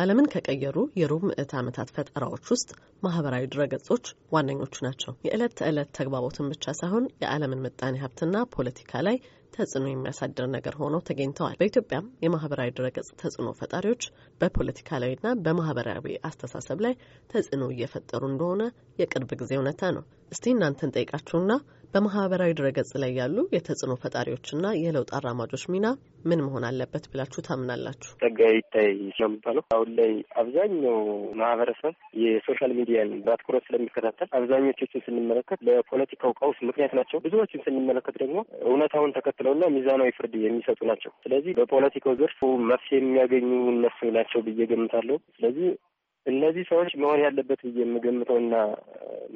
ዓለምን ከቀየሩ የሩብ ምዕት ዓመታት ፈጠራዎች ውስጥ ማህበራዊ ድረገጾች ዋነኞቹ ናቸው። የዕለት ተዕለት ተግባቦትን ብቻ ሳይሆን የዓለምን ምጣኔ ሀብትና ፖለቲካ ላይ ተጽዕኖ የሚያሳድር ነገር ሆነው ተገኝተዋል። በኢትዮጵያም የማህበራዊ ድረገጽ ተጽዕኖ ፈጣሪዎች በፖለቲካዊና በማህበራዊ አስተሳሰብ ላይ ተጽዕኖ እየፈጠሩ እንደሆነ የቅርብ ጊዜ እውነታ ነው። እስቲ እናንተን ጠይቃችሁና በማህበራዊ ድረገጽ ላይ ያሉ የተጽዕኖ ፈጣሪዎችና የለውጥ አራማጆች ሚና ምን መሆን አለበት ብላችሁ ታምናላችሁ? ጸጋዬ ይታይ የሚባለው። አሁን ላይ አብዛኛው ማህበረሰብ የሶሻል ሚዲያን በአትኩሮት ስለሚከታተል አብዛኞቹን ስንመለከት ለፖለቲካው ቀውስ ምክንያት ናቸው። ብዙዎችን ስንመለከት ደግሞ እውነታውን ተከትሎ እና ሚዛናዊ ፍርድ የሚሰጡ ናቸው። ስለዚህ በፖለቲካው ዘርፍ መፍትሄ የሚያገኙ እነሱ ናቸው ብዬ ገምታለሁ። ስለዚህ እነዚህ ሰዎች መሆን ያለበት ብዬ የምገምተውና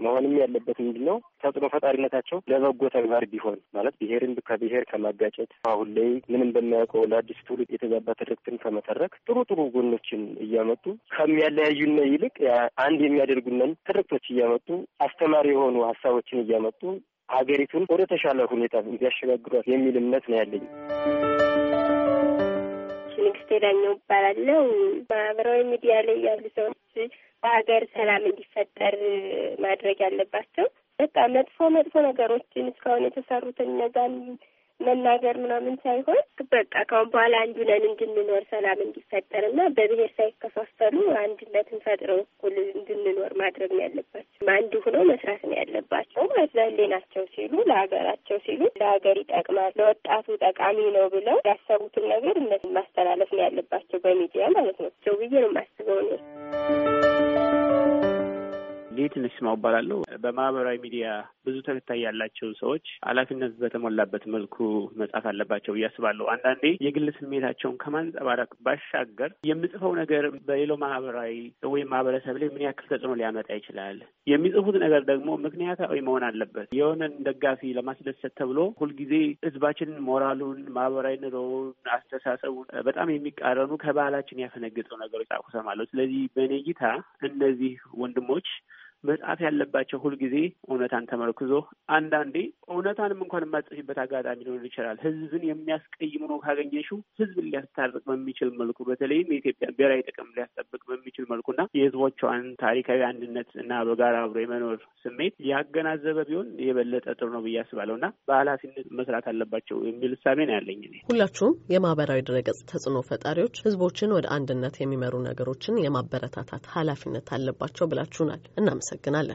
መሆንም ያለበት ምንድን ነው ተጽዕኖ ፈጣሪነታቸው ለበጎ ተግባር ቢሆን ማለት ብሔርን ከብሔር ከማጋጨት አሁን ላይ ምንም በሚያውቀው ለአዲስ ትውልድ የተዛባ ትርክትን ከመተረክ ጥሩ ጥሩ ጎኖችን እያመጡ ከሚያለያዩነ ይልቅ አንድ የሚያደርጉነን ትርክቶች እያመጡ አስተማሪ የሆኑ ሀሳቦችን እያመጡ ሀገሪቱን ወደ ተሻለ ሁኔታ እንዲያሸጋግሯት የሚል እምነት ነው ያለኝ። ንግስቴ ዳኘው እባላለሁ። ማህበራዊ ሚዲያ ላይ ያሉ ሰዎች በሀገር ሰላም እንዲፈጠር ማድረግ ያለባቸው በቃ መጥፎ መጥፎ ነገሮችን እስካሁን የተሰሩትን እነዛን መናገር ምናምን ሳይሆን በቃ ካሁን በኋላ አንዱ ነን እንድንኖር ሰላም እንዲፈጠር እና በብሔር ሳይከፋፈሉ አንድነትን ፈጥረው እኩል እንድንኖር ማድረግ ነው ያለባቸው። አንዱ ሆነው መስራት ነው ያለባቸው ማለት ናቸው ሲሉ፣ ለሀገራቸው ሲሉ፣ ለሀገር ይጠቅማል፣ ለወጣቱ ጠቃሚ ነው ብለው ያሰቡትን ነገር እነት ማስተላለፍ ነው ያለባቸው በሚዲያ ማለት ነው። ቸው ብዬ ነው የማስበው ነው። ሌትነሽ ስማው እባላለሁ። በማህበራዊ ሚዲያ ብዙ ተከታይ ያላቸው ሰዎች ኃላፊነት በተሞላበት መልኩ መጻፍ አለባቸው ብዬ አስባለሁ። አንዳንዴ የግል ስሜታቸውን ከማንጸባረቅ ባሻገር የምጽፈው ነገር በሌላው ማህበራዊ ወይም ማህበረሰብ ላይ ምን ያክል ተጽዕኖ ሊያመጣ ይችላል? የሚጽፉት ነገር ደግሞ ምክንያታዊ መሆን አለበት። የሆነን ደጋፊ ለማስደሰት ተብሎ ሁልጊዜ ህዝባችን ሞራሉን፣ ማህበራዊ ኑሮውን፣ አስተሳሰቡን በጣም የሚቃረኑ ከባህላችን ያፈነግጠው ነገሮች ጻፉ ስለዚህ በኔ እይታ እነዚህ ወንድሞች መጽሐፍ ያለባቸው ሁልጊዜ እውነታን ተመርክዞ አንዳንዴ እውነታንም እንኳን የማጽፊበት አጋጣሚ ሊሆን ይችላል። ህዝብን የሚያስቀይም ነው ካገኘሽው ህዝብን ሊያስታርቅ በሚችል መልኩ በተለይም የኢትዮጵያን ብሔራዊ ጥቅም ሊያስጠብቅ በሚችል መልኩና የህዝቦቿን ታሪካዊ አንድነት እና በጋራ አብሮ የመኖር ስሜት ያገናዘበ ቢሆን የበለጠ ጥሩ ነው ብዬ አስባለሁ እና በኃላፊነት መስራት አለባቸው የሚል እሳቤ ነው ያለኝ። ሁላችሁም የማህበራዊ ድረገጽ ተጽዕኖ ፈጣሪዎች ህዝቦችን ወደ አንድነት የሚመሩ ነገሮችን የማበረታታት ኃላፊነት አለባቸው ብላችሁናል። እናመሰግናለን። እናመሰግናለን።